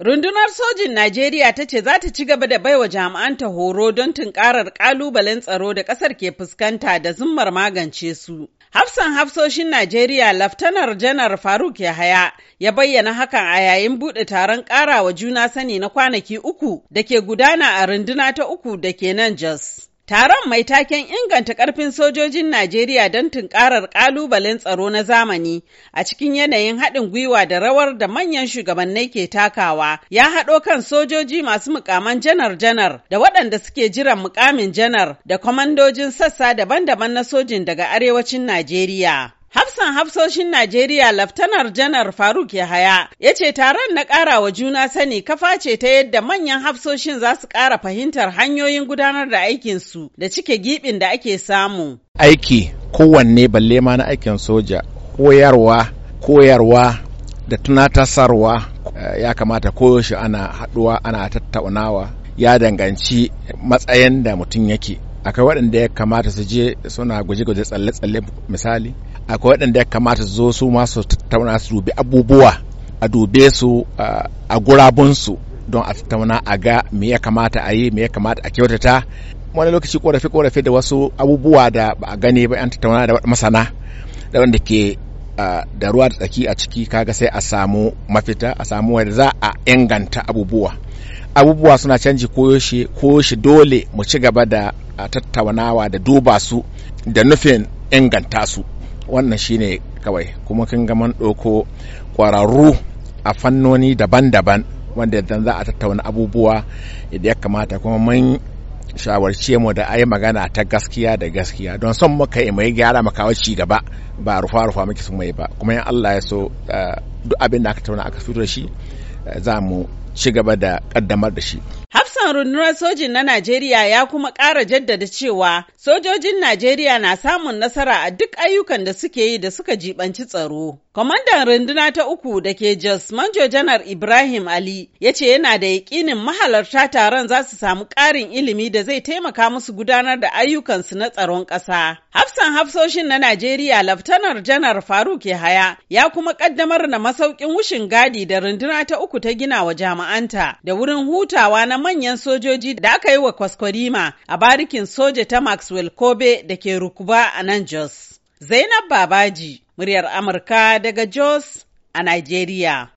Rundunar sojin Najeriya ta ce za ta ci gaba da baiwa jami'anta horo don tunkarar kalubalen tsaro da ƙasar ke fuskanta da zummar magance su. Hafsan hafsoshin Najeriya Laftanar Janar Faruk Yahaya ya bayyana hakan a yayin buɗe taron ƙarawa juna sani na kwanaki uku da ke gudana a runduna ta uku da ke nan Jos. Taron mai taken inganta ƙarfin sojojin Najeriya don tunkarar ƙalubalen tsaro na zamani a cikin yanayin haɗin gwiwa da rawar da manyan shugabannai ke takawa ya haɗo kan sojoji masu mukaman janar-janar da waɗanda suke jiran mukamin janar da kwamandojin sassa daban-daban na sojin daga arewacin Najeriya. Hafsan hafsoshin Najeriya Laftanar Janar Faruk Yahaya ya ce taron na ƙara wa juna sani kafa ce ta yadda manyan hafsoshin za su ƙara fahimtar hanyoyin gudanar da aikinsu da cike giɓin da ake samu. Aiki kowanne balle ma na aikin soja koyarwa koyarwa da tunatasarwa eh, ya kamata koyoshi ana haɗuwa ana tattaunawa ya danganci matsayin da mutum yake akwai waɗanda ya kamata su je suna guje-guje tsalle-tsalle misali akwai waɗanda ya kamata zo su masu tattauna su dubi abubuwa a dube su a gurabunsu don a tattauna a ga me ya kamata a yi me ya kamata a kyautata wani lokaci korafi korafi da wasu abubuwa da ba a gani ba yan tattauna da masana da wanda ke da ruwa da tsaki a ciki kaga sai a samu mafita a samu wanda za a inganta abubuwa abubuwa suna canji koyaushe koyaushe dole mu ci gaba da tattaunawa da duba su da nufin inganta su wannan shine kawai kuma kin ga man ɗauko ƙwararru a fannoni daban-daban wanda idan za a tattauna abubuwa idan ya kamata kuma mun shawarce mu da a yi magana ta gaskiya da gaskiya don son muka yi mai gyara makawa ci gaba ba rufa rufa muke su mai ba kuma in Allah ya so eh, duk abin da aka tauna aka fito da shi eh, za mu ci gaba da kaddamar da shi. Hafsan rundunar sojin na Najeriya ya kuma ƙara jaddada cewa sojojin Najeriya na samun nasara a duk ayyukan da suke yi da suka jibanci tsaro. Kwamandan runduna ta uku da ke Jos Manjo Janar Ibrahim Ali ya ce yana da yaƙinin mahalarta taron za su samu ƙarin ilimi da zai taimaka musu gudanar da ayyukansu na tsaron ƙasa. Hafsan hafsoshin na Najeriya Laftanar Janar Faruk Yahaya ya kuma ƙaddamar na masaukin wushin gadi da runduna ta uku ta gina wa jami'anta da wurin hutawa na manyan manyan sojoji da aka yi wa kwaskwarima a barikin soja ta Maxwell Kobe da ke rukuba a nan Jos. Zainab Babaji, muryar Amurka daga Jos a Nigeria.